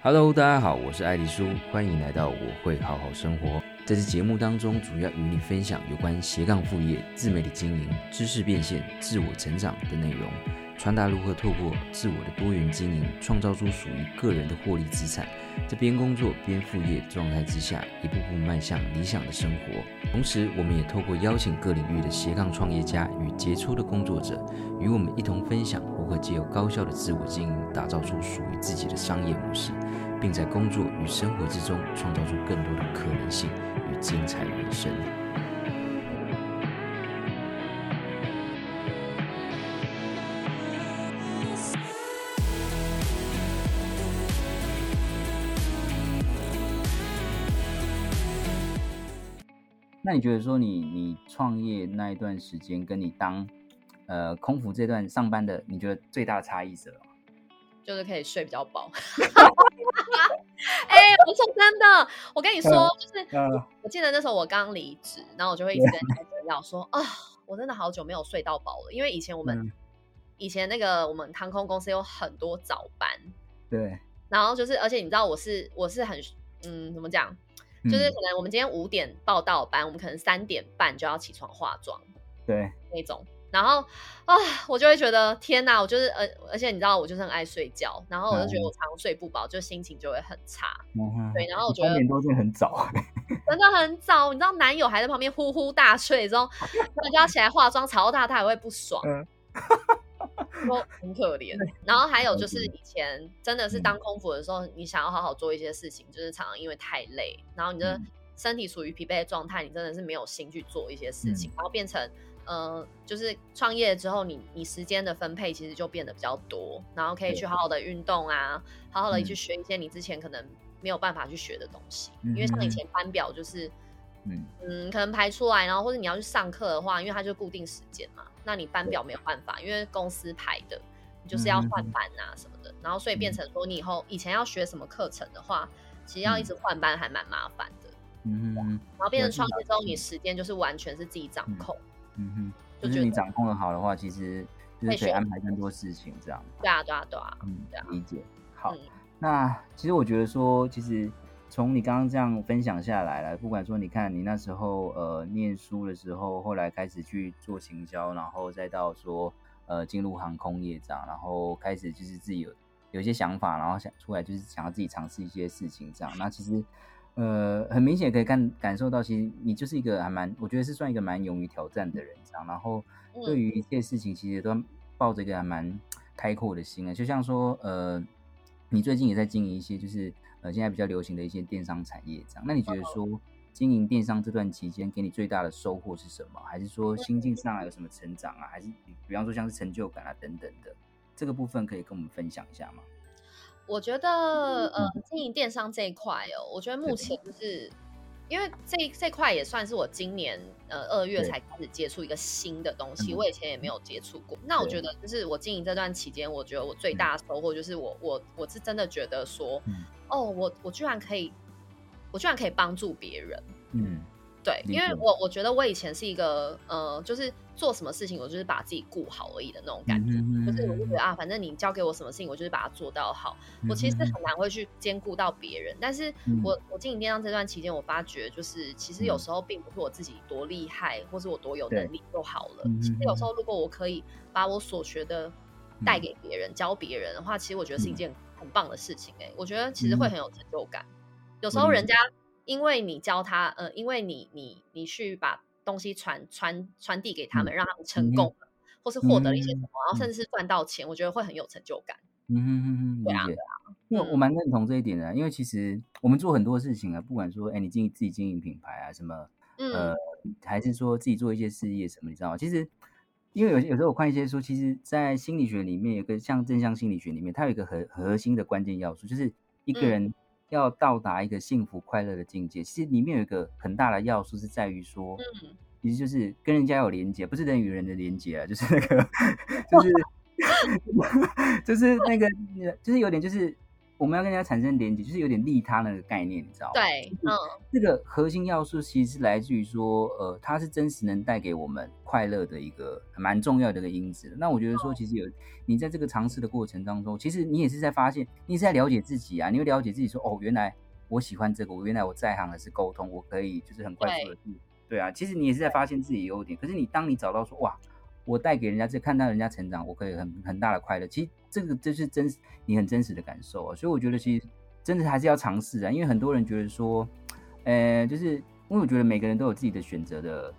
Hello，大家好，我是愛麗叔，歡迎來到我會好好生活。在這節目當中，主要與你分享有關斜槓副業、自媒體經營、知識變現、自我成長的內容，傳達如何透過自我的多元經營，創造出屬於個人的獲利資產，在邊工作邊副業的狀態之下，一步步邁向理想的生活。同時，我們也透過邀請各領域的斜槓創業家與傑出的工作者，與我們一同分享如何借由高效的自我經營，打造出屬於自己的商業模式，並在工作與生活之中創造出更多的可能性。精彩人生。那你覺得說你你創業那一段時間，跟你當呃空服這段上班的，你覺得最大的差異是？就是可以睡比較飽。 哎，我說、 欸、真的，我跟你說，嗯、就是、嗯、我記得那時候我剛離職，然後我就會一直跟台姐聊說，啊對、呃，我真的好久沒有睡到飽了，因為以前我們、嗯、以前那個我們航空公司有很多早班，對，然後就是而且你知道我是我是很嗯怎麼講，就是可能我們今天五點報到班，嗯、我們可能三點半就要起床化妝，對，那種。然後，啊、哦，我就會覺得天哪，我就是、呃、而且你知道，我就是很愛睡覺，然後我就覺得我常常睡不飽，嗯、就心情就會很差。嗯、哼對，然後我覺得。很早。真的很早，你知道，男友還在旁邊呼呼大睡之後，我 就要起來化妝，吵到他，他也會不爽，嗯、 說很可憐。嗯、然後還有就是以前真的是當空服的時候，嗯、你想要好好做一些事情，就是常常因為太累，然後你的身體處於疲憊的狀態，你真的是沒有心去做一些事情，嗯、然後變成。呃，就是創業之後你，你你時間的分配其實就變得比較多，然後可以去好好的運動啊，嗯、好好的去學一些你之前可能沒有辦法去學的東西。嗯、因為像以前班表就是，嗯，嗯可能排出來，然後或者你要去上課的話，因為它就固定時間嘛，那你班表沒有辦法，對因為公司排的，你就是要換班啊什麼的，嗯、然後所以變成說你以後以前要學什麼課程的話，其實要一直換班還蠻麻煩的。嗯，嗯，嗯，然後變成創業之後，要聽要聽你時間就是完全是自己掌控。嗯嗯哼，就是你掌控的好的話，其實就是可以安排更多事情這樣。對啊，對啊，對啊。嗯，這樣、啊、理解。啊、好，嗯、那其實我覺得說，其實從你剛剛這樣分享下來了，不管說你看你那時候呃念書的時候，後來開始去做行銷，然後再到說呃進入航空業這樣，然後開始就是自己有有一些想法，然後想出來就是想要自己嘗試一些事情這樣。那其實。呃，很明顯可以看，感受到，其實你就是一個還蠻，我覺得是算一個蠻勇於挑戰的人這樣。然後對於一些事情，其實都抱着一個還蠻開闊的心啊。就像說，呃，你最近也在經營一些，就是呃現在比較流行的一些電商產業這樣。那你覺得說經營電商這段期間，給你最大的收穫是什麼？還是說心境上來有什麼成長啊？還是比方說像是成就感啊等等的這個部分，可以跟我們分享一下嗎？我覺得，呃，經營電商這一塊哦，我覺得目前就是對因為這這塊也算是我今年呃二月才開始接觸一個新的東西，對我以前也沒有接觸過。對那我覺得，就是我經營這段期間，我覺得我最大的收穫就是我對我我，我是真的覺得說，嗯、哦，我我居然可以，我居然可以幫助別人，嗯。對，因為我我覺得我以前是一個呃，就是做什麼事情我就是把自己顧好而已的那種感覺，嗯、就是我就覺得啊，反正你交給我什麼事情，我就是把它做到好。嗯、我其實很難會去兼顧到別人，但是我、嗯、我經營電商這段期間，我發覺就是其實有時候並不是我自己多厲害，或是我多有能力就好了。嗯、其實有時候如果我可以把我所學的帶給別人，嗯、教別人的話，其實我覺得是一件很棒的事情、欸。哎、嗯，我覺得其實會很有成就感。有時候人家。因為你教他，呃，因為你你你，你去把東西傳傳傳遞給他們，讓他們成功了，嗯、哼或是獲得了一些什麼，嗯、哼然後甚至是賺到錢，嗯、哼我覺得會很有成就感。嗯嗯嗯嗯，對啊，嗯、因為我蠻認同這一點的，因為其實我們做很多事情啊，不管說哎、欸、你經自己經營品牌啊什麼，呃，嗯、還是說自己做一些事業什麼，你知道嗎？其實，因為有些有時候我看一些書，其實，在心理學裡面有個像正向心理學裡面，它有一個核核心的關鍵要素，就是一個人。嗯要到達一個幸福快樂的境界，其實裡面有一個很大的要素是在於說，嗯哼，其實就是跟人家有連接，不是人與人的連接啊，就是那個，就是， 就是那個，就是有點就是。我們要跟人家產生連接，就是有點利他那個概念，你知道嗎？對，嗯，這個核心要素其實是來自於說，呃，它是真實能帶給我們快樂的一個蠻重要的一個因子的。那我覺得說，其實有、哦、你在這個嘗試的過程當中，其實你也是在發現，你是在了解自己啊，你會了解自己說，哦，原來我喜歡這個，我原來我在行的是溝通，我可以就是很快速的去對，對啊，其實你也是在發現自己優點。對可是你當你找到說，哇！我帶給人家，這看到人家成長，我可以很很大的快樂。其實這個就是真，你很真實的感受啊。所以我覺得，其實真的還是要嘗試啊。因為很多人覺得說，呃，就是因為我覺得每個人都有自己的選擇的，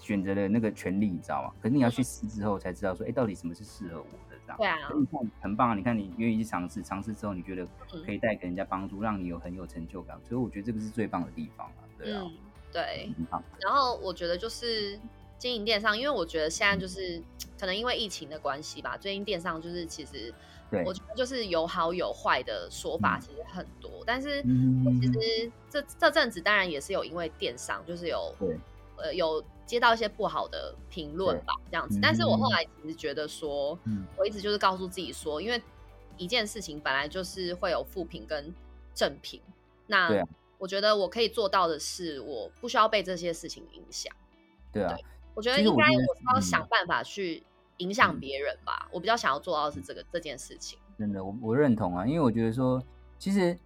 選擇的那個權利，你知道嗎？可是你要去試之後才知道說，哎、欸，到底什麼是適合我的這樣。對啊。你看，很棒啊！你看，你願意去嘗試，嘗試之後你覺得可以帶給人家幫助，嗯、讓你有很有成就感。所以我覺得這個是最棒的地方啊。對啊。嗯、對。很好。然後我覺得就是。經營電商，因為我覺得現在就是可能因為疫情的關係吧，最近電商就是其實，對我覺得就是有好有壞的說法其實很多，嗯、但是我其實這這陣子當然也是有因為電商就是有，對呃，有接到一些不好的評論吧，對這樣子。但是我後來其實覺得說，對我一直就是告訴自己說，嗯、因為一件事情本來就是會有負評跟正評，那我覺得我可以做到的是，我不需要被這些事情影響。對啊。對我覺得應該我得，我、嗯、是要想辦法去影響別人吧。嗯、我比較想要做到的是這個、嗯、這件事情。真的，我我認同啊，因為我覺得說，其實，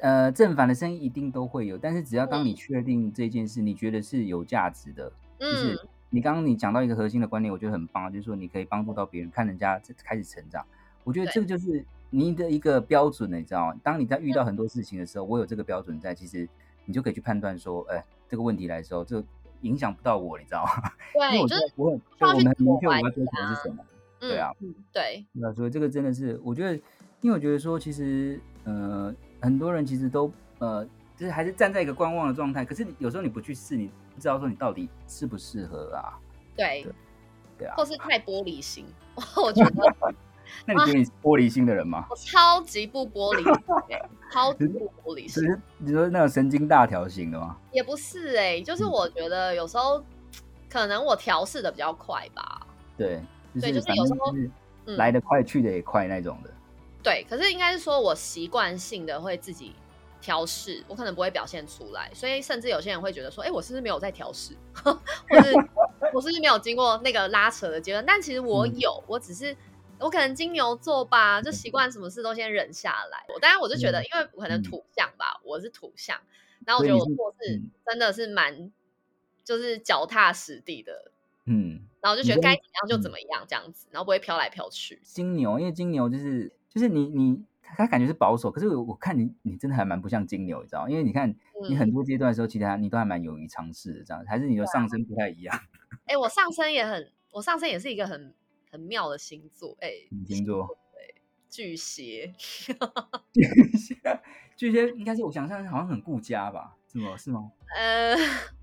呃，正反的聲音一定都會有，但是只要當你確定這件事，嗯、你覺得是有價值的，就是、嗯、你剛剛你講到一個核心的觀念，我覺得很棒，就是說你可以幫助到別人，看人家開始成長。我覺得這個就是你的一個標準，你知道嗎？當你在遇到很多事情的時候，嗯、我有這個標準在，其實你就可以去判斷說，哎、呃，這個問題來的時候這。影響不到我，你知道嗎？對，因為我覺得我就我們很明確、啊、我要追求的是什麼。嗯、對啊，嗯、對。那所以這個真的是，我覺得，因為我覺得說，其實，呃，很多人其實都，呃，就是還是站在一個觀望的狀態。可是有時候你不去試，你不知道說你到底適不適合啊。對，對。對啊。或是太玻璃心，我覺得。 那你覺得你是玻璃心的人嗎？啊、我超級不玻璃心、欸， 超級不玻璃心。你說那種神經大條型的嗎？也不是哎、欸，就是我覺得有時候可能我調適的比較快吧。對，就是有時候來的快去的也快那種的。嗯、對，可是應該是說我習慣性的會自己調適，我可能不會表現出來，所以甚至有些人會覺得說：“哎、欸，我是不是沒有在調適？或是 我是不是沒有經過那個拉扯的階段？”但其實我有，嗯、我只是。我可能金牛座吧，就習慣什麼事都先忍下來。我當然我就覺得，因為我可能土象吧，嗯、我是土象，然後我覺得我做事真的是蠻，就是腳踏實地的，嗯，然後就覺得該怎麼樣就怎麼樣這樣子，嗯、然後不會飄來飄去。金牛，因為金牛就是就是你你他感覺是保守，可是我看你你真的還蠻不像金牛，你知道？因為你看你很多階段的時候，其實你都還蠻勇於嘗試的這樣子，還是你的上升不太一樣？哎、啊欸，我上升也很，我上升也是一個很。很妙的星座，哎、欸，你聽說星座、欸，巨蟹。 巨蟹，巨蟹應該是我想象好像很顧家吧？是嗎？是嗎？呃，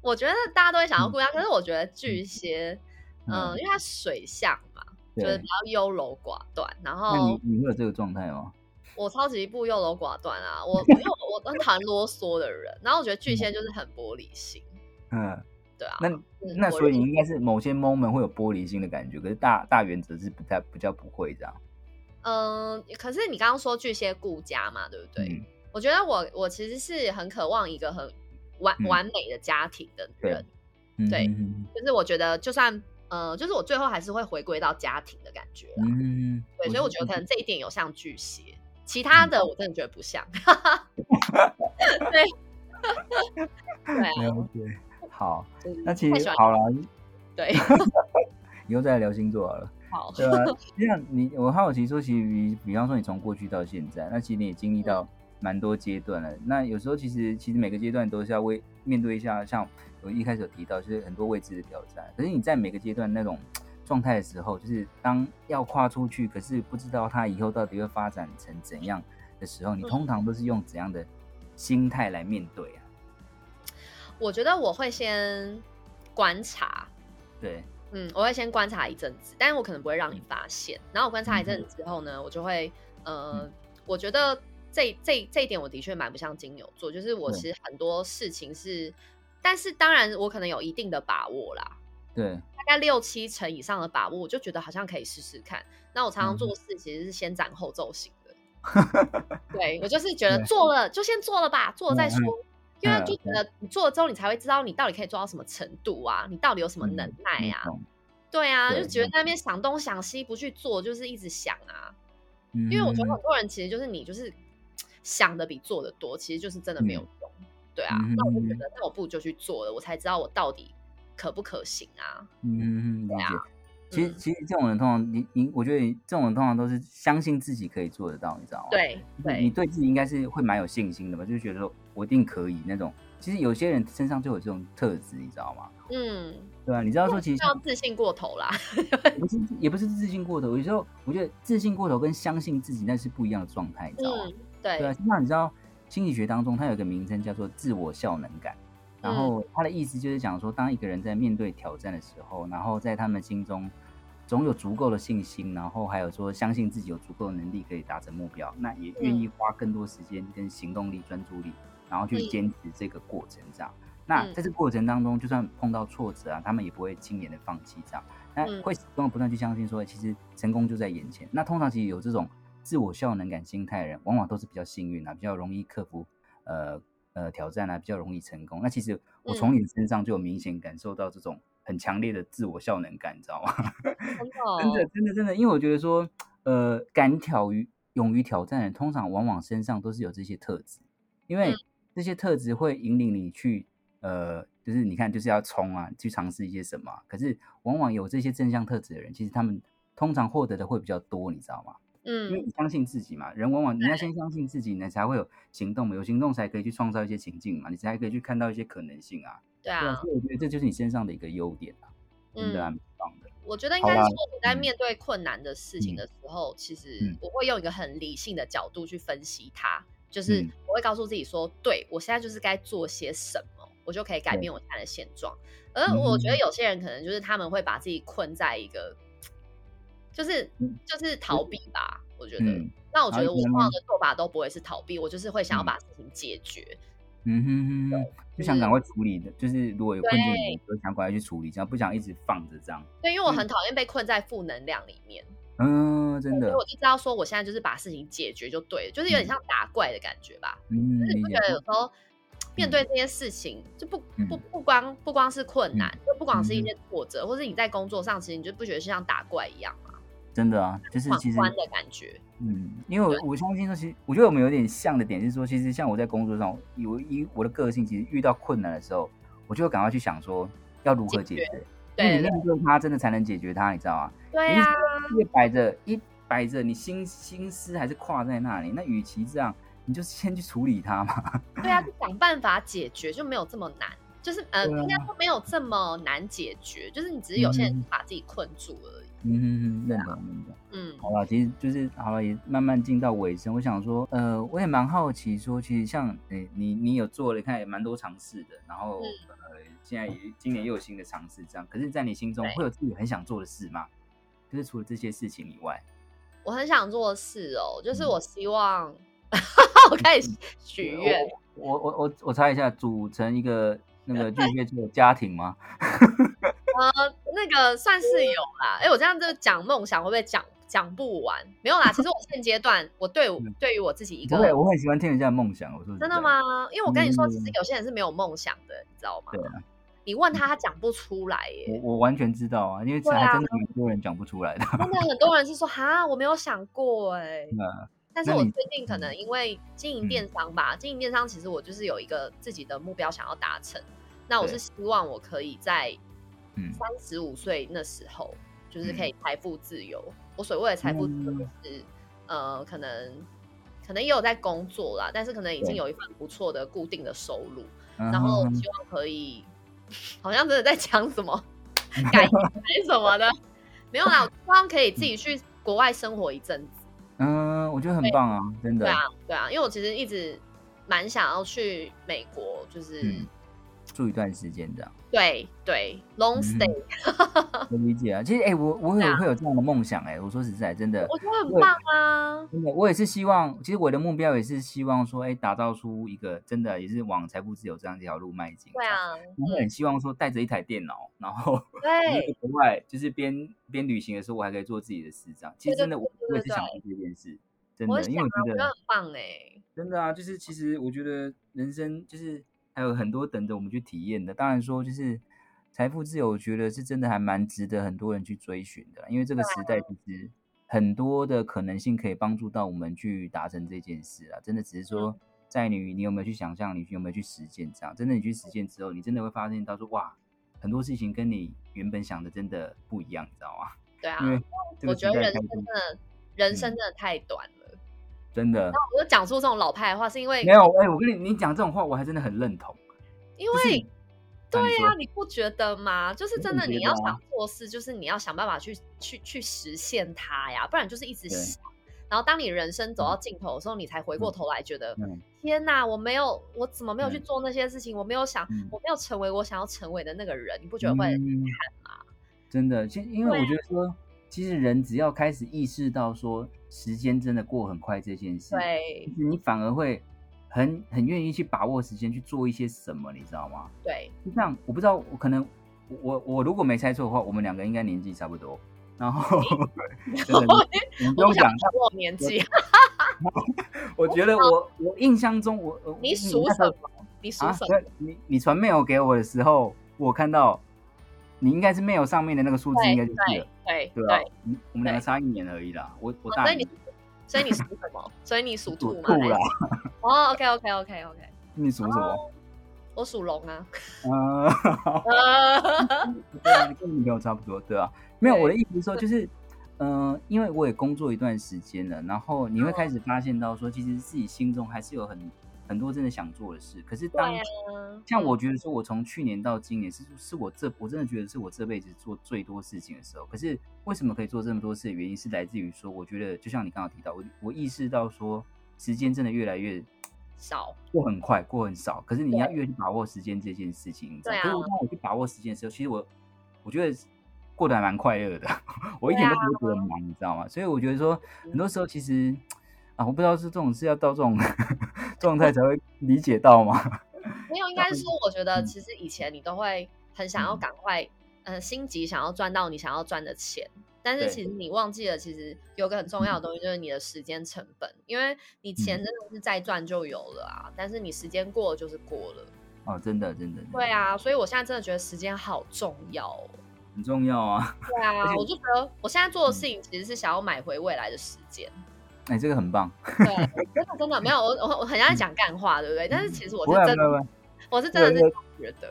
我覺得大家都會想要顧家，嗯、可是我覺得巨蟹，嗯、呃，因為它水象嘛，嗯、就是比較優柔寡斷。然後你你會有這個狀態嗎？我超級不優柔寡斷啊！我我我我談囉嗦的人，嗯、然後我覺得巨蟹就是很玻璃心、嗯，嗯。對啊，那那所以應該是某些 moment 會有玻璃心的感覺，可是，大大原則是不太不叫不會這樣。嗯，可是你剛剛說巨蟹顧家嘛，對不對？我覺得我我其實是很渴望一個很完完美的家庭的人，對，就是我覺得就算呃，就是我最後還是會回歸到家庭的感覺啦。對，所以我覺得可能這一點有像巨蟹，其他的我真的覺得不像。對，對好，那其實好了啦，對， 以後再來聊星座好了。好，對啊。這樣你，你我好奇說，其實比比方說，你從過去到現在，那其實你也經歷到蠻多階段了。嗯、那有時候，其實其實每個階段都是要為面對一下，像我一開始有提到，就是很多未知的挑戰。可是你在每個階段那種狀態的時候，就是當要跨出去，可是不知道它以後到底會發展成怎樣的時候，你通常都是用怎樣的心態來面對啊？嗯我覺得我會先觀察，對，嗯，我會先觀察一陣子，但是我可能不會讓你發現。然後我觀察一陣子之後呢，我就會，呃，嗯、我覺得這這這一點我的確蠻不像金牛座，就是我其實很多事情是，對但是當然我可能有一定的把握啦，對，大概六七成以上的把握，我就覺得好像可以試試看。那我常常做事其實是先斬後奏型的，嗯、 對我就是覺得做了對就先做了吧，做了再說。嗯嗯因為就覺得你做了之後，你才會知道你到底可以做到什麼程度啊？你到底有什麼能耐啊？嗯、對啊，對就覺得在那邊想東想西，不去做，就是一直想啊。嗯、因為我覺得很多人其實就是你，就是想的比做的多，其實就是真的沒有用。嗯、對啊，嗯嗯、那我就覺得那我不就去做了，我才知道我到底可不可行啊？嗯，嗯了解。對啊其實、嗯、其實這種人通常，你你我覺得這種人通常都是相信自己可以做得到，你知道嗎？對，對你對自己應該是會蠻有信心的吧？就覺得說。我一定可以那種，其實有些人身上就有這種特質，你知道嗎？嗯，對啊，你知道說其實叫自信過頭啦， 也不是也不是自信過頭，有時候我覺得自信過頭跟相信自己那是不一樣的狀態，你知道嗎？對，對啊，那你知道心理學當中它有一個名稱叫做自我效能感，然後它的意思就是講說，當一個人在面對挑戰的時候，嗯、然後在他們心中總有足夠的信心，然後還有說相信自己有足夠的能力可以達成目標，那也願意花更多時間跟行動力、嗯、專注力。然後去堅持這個過程，這樣。嗯、那在這個過程當中，就算碰到挫折啊，他們也不會輕言的放棄，這樣。那會不斷不斷去相信，說其實成功就在眼前。那通常其實有這種自我效能感心態的人，往往都是比較幸運啊，比較容易克服呃呃挑戰啊，比較容易成功。那其實我從你身上就有明顯感受到這種很強烈的自我效能感，你知道嗎？真的，真的，真的，真的，因為我覺得說，呃，敢挑於勇於挑戰的人，通常往往身上都是有這些特質，因為。這些特質會引領你去，呃，就是你看，就是要衝啊，去嘗試一些什麼。可是，往往有這些正向特質的人，其實他們通常獲得的會比較多，你知道嗎？嗯，因為你相信自己嘛。人往往你要先相信自己，你才會有行動嘛，對有行動才可以去創造一些情境嘛，你才可以去看到一些可能性啊。對啊,對啊，所以我覺得這就是你身上的一個優點啊，真的很、啊、棒、嗯、的。我覺得應該說你在面對困難的事情的時候，嗯、其實我會用一個很理性的角度去分析它。就是我會告訴自己說，對我現在就是該做些什麼，我就可以改變我現在的現狀。而我覺得有些人可能就是他們會把自己困在一個，就是就是逃避吧。我覺得，那我覺得我這樣的做法都不會是逃避，我就是會想要把事情解決。嗯哼哼，就想趕快處理的，就是如果有困境，就想趕快去處理，這樣，不想一直放着這樣。對，因為我很討厭被困在負能量裡面。嗯，真的。所以我一直要說，我現在就是把事情解決就對了，就是有點像打怪的感覺吧。嗯。就是你不覺得有時候面對這些事情，嗯、就不不、嗯、不光不光是困難，嗯、就不光是一些挫折，嗯、或是你在工作上其實你就不覺得是像打怪一樣嘛？真的啊，就是其實的感覺。嗯，因為我我相信說，其實我覺得我們有點像的點就是說，其實像我在工作上，有一我，我的個性，其實遇到困難的時候，我就會趕快去想說要如何解決。解決。那你面對它，真的才能解決他，你知道啊？對呀、啊，一擺着一擺着，你心心思還是掛在那裡。那與其這樣，你就先去處理他嘛。對啊，去想辦法解決，就沒有這麼難。就是對、啊、呃，應該說沒有這麼難解決。就是你只是有些人、嗯、把自己困住而已。嗯，認同，認同。嗯，嗯嗯、好了，其實就是好了，也慢慢進到尾聲。我想說，呃，我也蠻好奇說，說其實像、欸、你你你有做了，也看也蠻多嘗試的，然後。嗯現在也今年又有新的嘗試，這樣。可是，在你心中會有自己很想做的事嗎？就對是除了這些事情以外，我很想做的事哦，就是我希望、嗯、 我可以許願。我我我我猜一下，組成一個那個巨蟹座的家庭嗎？ 呃，那個算是有啦。哎、欸，我這樣子講夢想會不會講講不完？沒有啦，其實我現階段我對 對於我自己一個，對我很喜歡聽人家夢想。我說真的嗎？因為我跟你說，嗯、其實有些人是沒有夢想的，你知道嗎？對、啊。你問他，他講不出來耶。我我完全知道啊，因為其實真的很多人講不出來的、啊。但是很多人是說哈，我沒有想過哎。那但是我最近可能因為經營電商吧，嗯、經營電商其實我就是有一個自己的目標想要達成。對那我是希望我可以在嗯三十五歲那時候，嗯、就是可以財富自由。嗯、我所謂的財富自由、就是、嗯、呃，可能可能也有在工作啦，但是可能已經有一份不錯的固定的收入，嗯、然後希望可以。好像真的在講什麼 改什麼的， 沒有啦，我希望可以自己去國外生活一陣子。嗯，我覺得很棒啊，以真的。對啊，對啊，因為我其實一直蠻想要去美國，就是、嗯。住一段時間這樣，對對，long stay，我、嗯、理解啊。 其實哎、欸，我我也會，會有這樣的夢想哎、欸。我說實在，真的，我覺得很棒啊。真的，我也是希望，其實我的目標也是希望說，哎、欸，打造出一個真的也是往財富自由這樣一條路邁進。對啊，我對後很希望說，帶着一台電腦，然後在國對、嗯、外就是邊邊旅行的時候，我還可以做自己的事這樣。對對對對，其實真的，我我也是想做這件事，真的，啊、因為我覺得，我覺得很棒哎、欸。真的啊，就是其實我覺得人生就是。還有很多等着我們去體驗的，當然說就是財富自由，我覺得是真的還蠻值得很多人去追尋的，因為這個時代其實很多的可能性可以幫助到我們去達成這件事啊。真的只是說，在你你有沒有去想象，你有沒有去實踐？這樣真的你去實踐之後，你真的會發現到說，哇，很多事情跟你原本想的真的不一樣，你知道嗎？對啊，因為我覺得人生真的人生真的太短了。真的，那我講出這種老派的話，是因為沒有哎，我跟你你講這種話，我還真的很認同，因為對呀，你不覺得嗎？就是真的，你要想做事，就是你要想辦法去去去實現它呀，不然就是一直想。然後當你人生走到盡頭的時候，你才回過頭來，覺得天哪，我沒有，我怎麼沒有去做那些事情？我沒有想，我沒有成為我想要成為的那個人，你不覺得會很遺憾嗎？真的，其實因為我覺得說，其實人只要開始意識到說。時間真的過很快這件事，對你反而會很很願意去把握時間去做一些什麼，你知道嗎？對，就像我不知道，我可能我我如果沒猜錯的話，我們兩個應該年紀差不多。然後真 你不用講，他 我，我年紀。 我覺得我 我印象中我你屬什麼？你屬什麼？你麼、啊、你傳 mail 給我的時候，我看到你應該是 mail 上面的那個數字應，應該就是哎，對啊，我們兩個差一年而已啦，我我大。所以你屬什麼？所以你屬兔嘛？哦，OK OK OK OK，你屬什麼？我屬龍啊。啊哈哈哈哈，跟你跟我差不多，對啊。沒有，我的意思是說就是，嗯，因為我也工作一段時間了，然後你會開始發現到說，其實自己心中還是有很。很多真的想做的事，可是當、啊、像我覺得說，我從去年到今年是是我這我真的覺得是我這輩子做最多事情的時候。可是為什麼可以做這麼多事的原因是來自於說，我覺得就像你剛剛提到，我我意識到說，時間真的越來越少，過很快，過很少。可是你要越去把握時間這件事情，對、啊、所以當我去把握時間的時候，其實我我覺得過得還蠻快樂的，啊、 我一點都不會覺得忙，啊、你知道嗎？所以我覺得說，很多時候其實啊，我不知道是這種是要到這種。 狀態才會理解到嗎？ 沒有，應該是說，我覺得其實以前你都會很想要趕快，嗯、呃，心急想要賺到你想要賺的錢，嗯、但是其實你忘記了，其實有個很重要的東西就是你的時間成本，嗯、因為你錢真的是再賺就有了啊，嗯、但是你時間過了就是過了。哦，真的，真的。真的對啊，所以我現在真的覺得時間好重要、哦，很重要啊。對啊，而且，我就覺得我現在做的事情其實是想要買回未來的時間。哎、欸，這個很棒。 對，真的真的，沒有我我我很愛講幹話，嗯、對不對？但是其實我是真的，啊、我是真的是覺得，對對對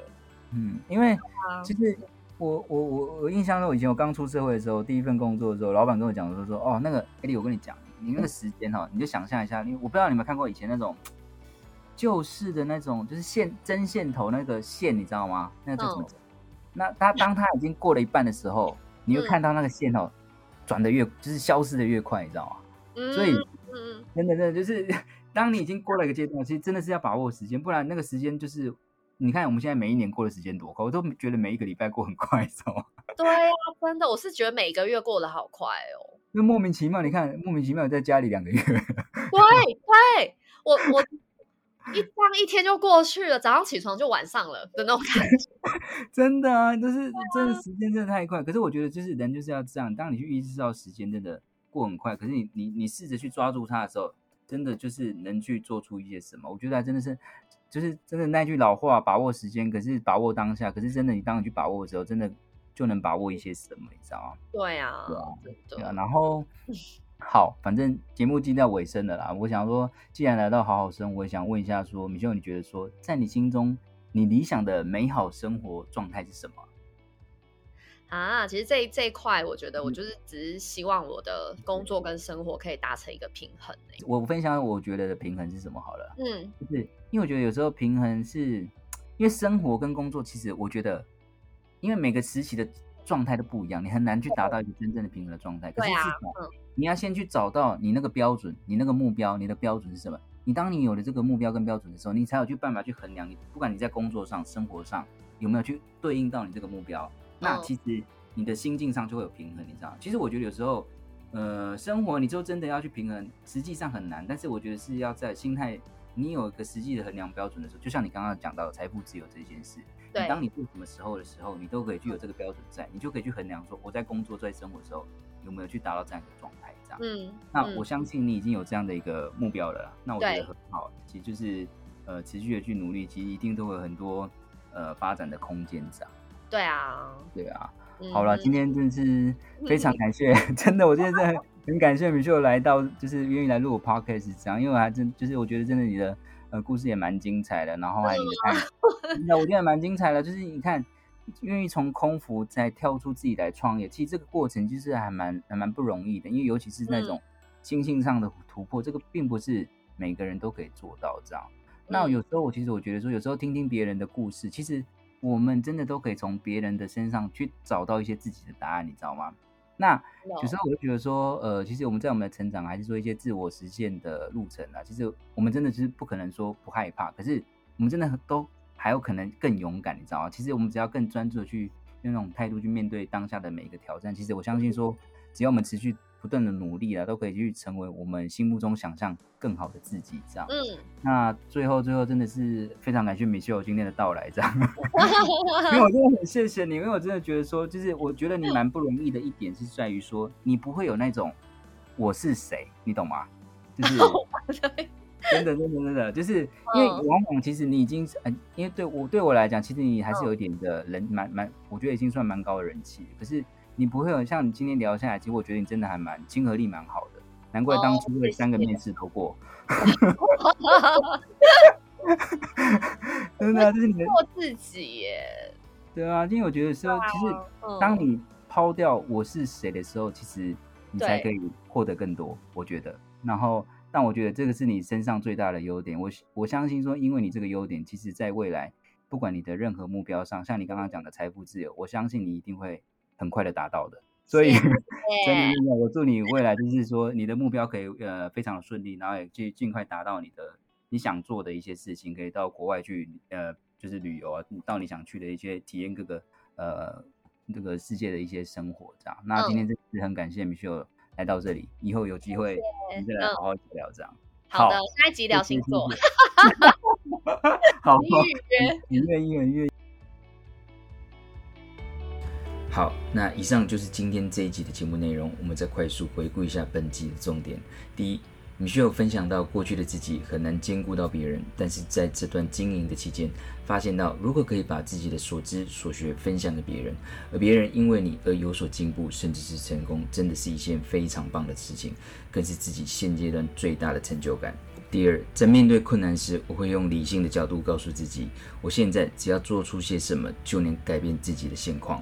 嗯，因為其實我我我我印象中，以前我剛出社會的時候，第一份工作的時候，老闆跟我講說說哦，那個艾莉、欸，我跟你講，你那個時間哈，嗯、你就想象一下，你我不知道你有沒有看過以前那種舊式的那種就是線針線頭那個線，你知道嗎？那個、叫什麼？嗯、那它當它已經過了一半的時候，你會看到那個線哦，轉的、嗯、越就是消失的越快，你知道嗎？嗯、所以，嗯嗯，真的，真的，就是當你已經過了一個階段，其實真的是要把握時間，不然那個時間就是，你看我們現在每一年過的時間多快，我都覺得每一個禮拜過很快，知道嗎？對啊，真的，我是覺得每一個月過得好快哦，就莫名其妙，你看莫名其妙在家裡兩個月，對對，我我一晃一天就過去了， 早上起床就晚上了，真的那種感覺，真的啊，就是真的時間真的太快，可是我覺得就是人就是要這樣，當你去意識到時間真的過很快，可是你你你試着去抓住它的時候，真的就是能去做出一些什麼。我覺得、啊、真的是，就是真的那句老話，把握時間，可是把握當下，可是真的你當你去把握的時候，真的就能把握一些什麼？你知道嗎？對啊，對啊，然後對對好，反正節目進到尾聲了啦，我想說，既然來到好好生活，我想問一下說，Michelle 你覺得說，在你心中，你理想的美好生活狀態是什麼？啊，其實這一這一塊，我覺得、嗯、我就是只是希望我的工作跟生活可以達成一個平衡、欸。我分享我覺得的平衡是什麼好了，嗯，就是因為我覺得有時候平衡是，因為生活跟工作其實我覺得，因為每個時期的狀態都不一樣，你很難去達到一個真正的平衡的狀態。可是你要先去找到你那個標準，你那個目標，你的標準是什麼？你當你有了這個目標跟標準的時候，你才有去辦法去衡量你，不管你在工作上、生活上有沒有去對應到你這個目標。那其實你的心境上就會有平衡，你知道？Oh. 其實我覺得有時候，呃，生活你就真的要去平衡，實際上很難。但是我覺得是要在心態，你有一個實際的衡量標準的時候，就像你剛剛講到財富自由這件事，對你當你做什麼時候的時候，你都可以去有這個標準在，嗯、你就可以去衡量說我在工作在生活的時候有沒有去達到這樣的狀態，這樣。嗯，嗯那我相信你已經有這樣的一個目標了，那我覺得很好。對其實就是呃持續的去努力，其實一定都會有很多呃發展的空間，這樣。對啊，對啊，嗯、好了，今天真的是非常感謝，嗯、真的，我真的很感謝 Michelle 來到，就是願意來錄我 podcast 這樣，因為我還真就是我覺得真的你的呃故事也蠻精彩的，然後還有你的，真、嗯、 那我覺得蠻精彩的，就是你看願意從空服再跳出自己來創業，其實這個過程就是還蠻還蠻不容易的，因為尤其是那種心性上的突破，嗯、這個並不是每個人都可以做到這樣。嗯、那有時候我其實我覺得說，有時候聽聽別人的故事，其實。我們真的都可以從別人的身上去找到一些自己的答案，你知道嗎？那有時候我就覺得說，呃，其實我們在我們的成長，還是說一些自我實現的路程啊，其實我們真的其實不可能說不害怕，可是我們真的都還有可能更勇敢，你知道嗎？其實我們只要更專注的去用那種態度去面對當下的每一個挑戰，其實我相信說，只要我們持續不斷的努力啊，都可以去成為我們心目中想象更好的自己，這樣。嗯。那最後，最後真的是非常感謝 Michelle 今天的到來，這樣。 因為我真的很謝謝你，因為我真的覺得說，就是我覺得你蠻不容易的一點是在於說，你不會有那種我是誰，你懂嗎？就是 真，真的，真的，真的，就是因為往往其實你已經，嗯、呃，因為對我對我來講，其實你還是有一點的人，蠻蠻、哦，我覺得已經算蠻高的人氣，可是。你不會有，像你今天聊下來，其實我覺得你真的還蠻親和力蠻好的，難怪當初那三個面試都過，真的就是你做自己耶。對啊，因為我覺得說，wow, 其實當你拋掉我是誰的時候，嗯、其實你才可以獲得更多。對我覺得，然後但我覺得這個是你身上最大的優點。我我相信說，因為你這個優點，其實在未來不管你的任何目標上，像你剛剛講的財富自由，我相信你一定會。很快的達到的，所以真的是耶 真的，我祝你未來就是說，你的目標可以呃非常的順利，然後也盡盡快達到你的你想做的一些事情，可以到國外去呃就是旅遊啊，到你想去的一些體驗各個呃這個世界的一些生活這樣。那今天真是很感謝 Michelle 來到這裡，以後有機會我們是耶 再來好好聊聊那這樣。好，好的，下一集聊星座。哈哈哈。謝謝 好，言你願，你願，願，願。好，那以上就是今天這一集的節目內容。我們再快速回顧一下本集的重點：第一，你需要分享到過去的自己很難兼顧到別人，但是在這段經營的期間，發現到如果可以把自己的所知所學分享給別人，而別人因為你而有所進步，甚至是成功，真的是一件非常棒的事情，更是自己現階段最大的成就感。第二，在面對困難時，我會用理性的角度告訴自己，我現在只要做出些什麼，就能改變自己的現況。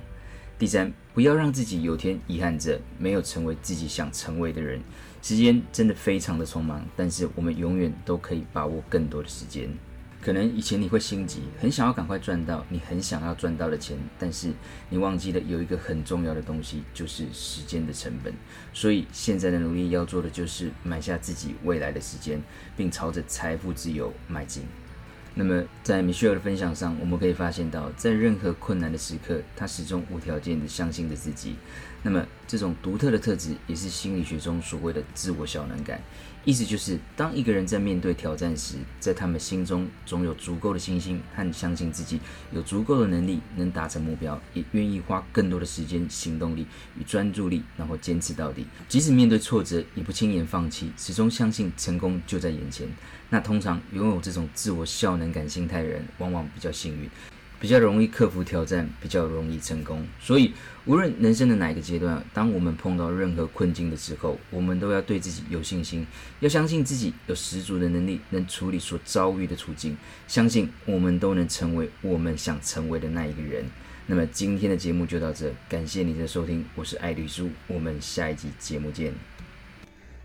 第三，不要讓自己有天遺憾着沒有成為自己想成為的人。時間真的非常的匆忙，但是我們永遠都可以把握更多的時間。可能以前你會心急，很想要趕快賺到你很想要賺到的錢，但是你忘記了有一個很重要的東西，就是時間的成本。所以現在的努力要做的就是買下自己未來的時間，並朝着財富自由邁進。那麼，在 Michelle 的分享上，我們可以發現到，在任何困難的時刻，她始終無條件地相信着自己。那麼，這種獨特的特質，也是心理學中所謂的自我效能感。意思就是，當一個人在面對挑戰時，在他們心中總有足夠的信心和相信自己有足夠的能力能達成目標，也願意花更多的時間、行動力與專注力，然後堅持到底。即使面對挫折，也不輕言放棄，始終相信成功就在眼前。那通常擁有這種自我效能感心態的人，往往比較幸運，比較容易克服挑戰，比較容易成功。所以，無論人生的哪個階段，當我們碰到任何困境的時候，我們都要對自己有信心，要相信自己有十足的能力，能處理所遭遇的處境。相信我們都能成為我們想成為的那一個人。那麼，今天的節目就到這，感謝您的收聽，我是愛麗叔，我們下一集節目見。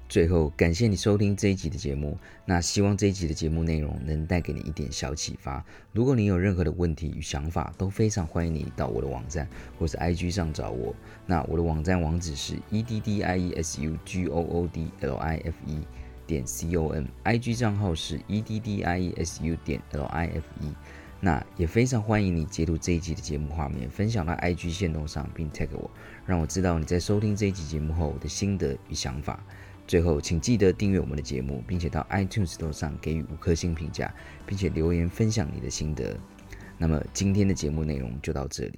最後，感謝你收聽這一集的節目。那希望這一集的節目內容能帶給你一點小啟發。如果你有任何的問題與想法，都非常歡迎你到我的網站或是 IG 上找我。那我的網站網址是 eddiesugoodlife 點 com，IG 賬號是 eddiesu 點 life。那也非常歡迎你截圖這一集的節目畫面，分享到 IG 限動上，並 tag 我，讓我知道你在收聽這一集節目後的心得與想法。最後，請記得訂閱我們的節目，並且到 iTunes Store 上給予五顆星評價，並且留言分享你的心得。那麼，今天的節目內容就到這裡。